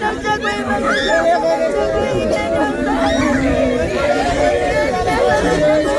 Thank you.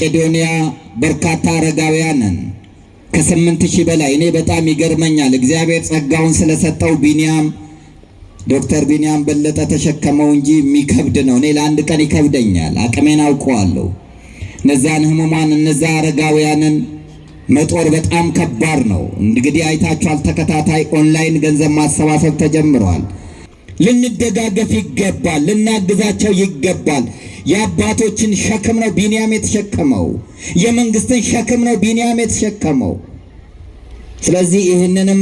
መቄዶንያ በርካታ አረጋውያንን ከስምንት ሺህ በላይ እኔ በጣም ይገርመኛል። እግዚአብሔር ጸጋውን ስለሰጠው ቢንያም ዶክተር ቢኒያም በለጠ ተሸከመው እንጂ የሚከብድ ነው። እኔ ለአንድ ቀን ይከብደኛል፣ አቅሜን አውቀዋለሁ። እነዚያን ህሙማን እነዛ አረጋውያንን መጦር በጣም ከባድ ነው። እንግዲህ አይታችኋል። ተከታታይ ኦንላይን ገንዘብ ማሰባሰብ ተጀምሯል። ልንደጋገፍ ይገባል፣ ልናግዛቸው ይገባል። የአባቶችን ሸክም ነው ቢንያም የተሸከመው። የመንግስትን ሸክም ነው ቢንያም የተሸከመው። ስለዚህ ይህንንም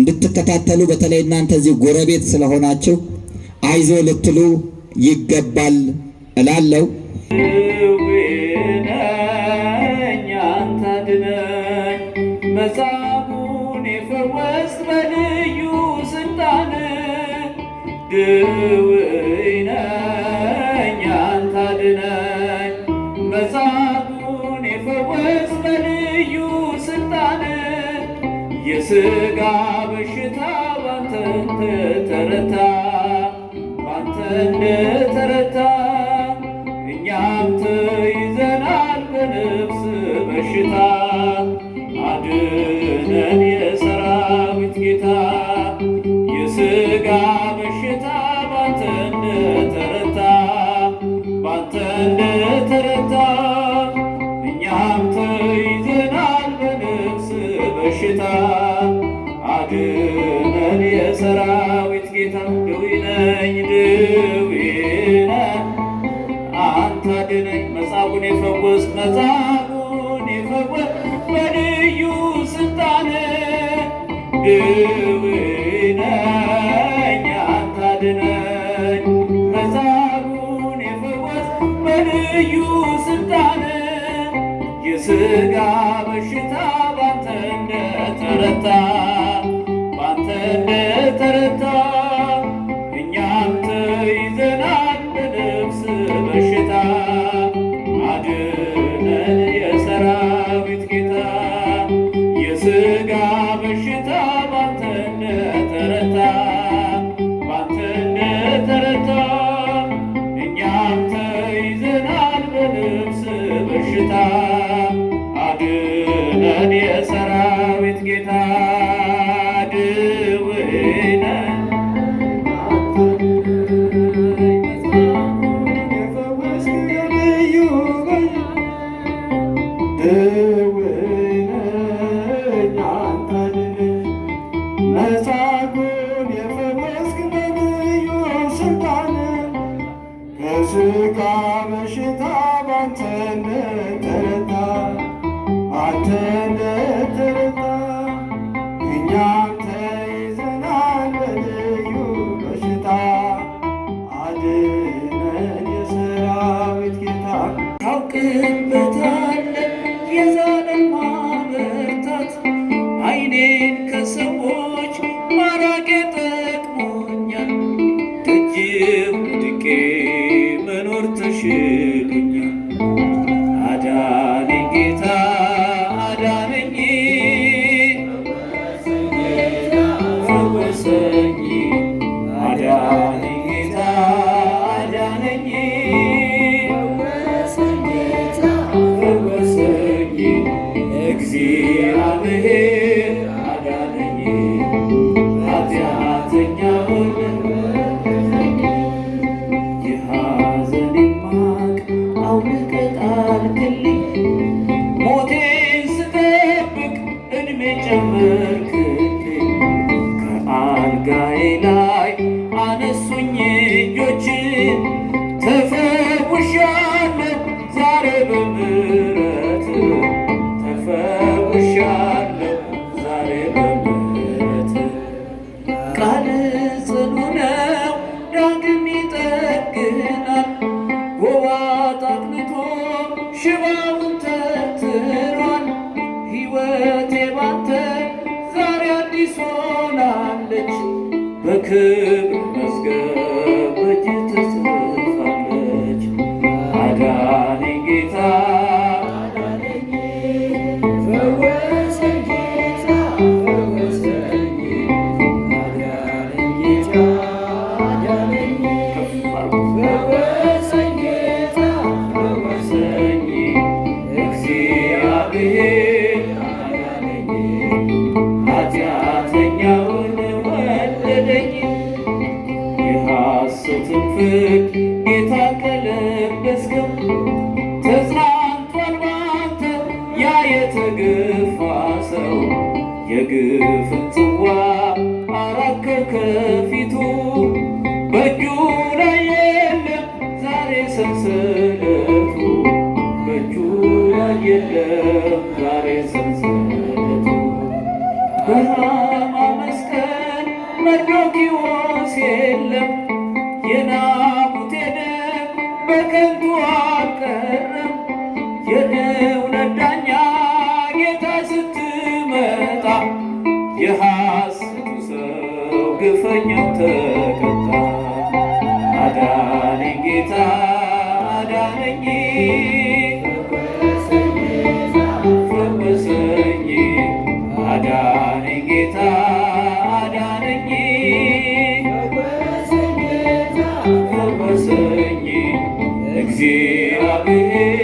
እንድትከታተሉ በተለይ እናንተ እዚህ ጎረቤት ስለሆናችሁ አይዞ ልትሉ ይገባል እላለሁ። ድውይ ነኝ አንተ አድነኝ፣ መጻጉዕን የፈወስ በልዩ ስልጣን የሥጋ በሽታ ባንተ እንደተረታ ባንተ እንደተረታ እኛም ተይዘናል በነፍስ በሽታ በሽታ አድነን የሰራዊት ጌታ ድዊ ነኝ ድዊ አንተ አድነኝ መጻጉዕን የፈወስ መጻጉዕን የፈወስ በልዩ ስልጣን ድዊ ነኝ አንተ አድነኝ መጻጉዕን የፈወስ በልዩ ስልጣን የስጋ በሽታ ተረታ ባንተ እንደተረታ እኛም ተይዘናል በነፍስ በሽታ አድነን የሰራዊት ጌታ የስጋ በሽታ ባንተ እንደተረታ ባንተ እንደተረታ እኛም ተይዘናል በነፍስ በሽታ አድነን የሰራ Vietnam. again. ላይ አነሱኝ እጆች ተፈውሻለሁ ዛሬ በምሕረት ተፈውሻለሁ ዛሬ በምሕረት ቃል ጽኑ ነው ዳግም ይጠግናል ጎባ አቅንቶ ሽባውን คือ ሰንሰለቱ በእጁ ላይ የለም ዛሬ ሰንሰለቱ በሃማ መስቀል መድረክ አዳነኝ ፈወሰኝ እግዚአብሔር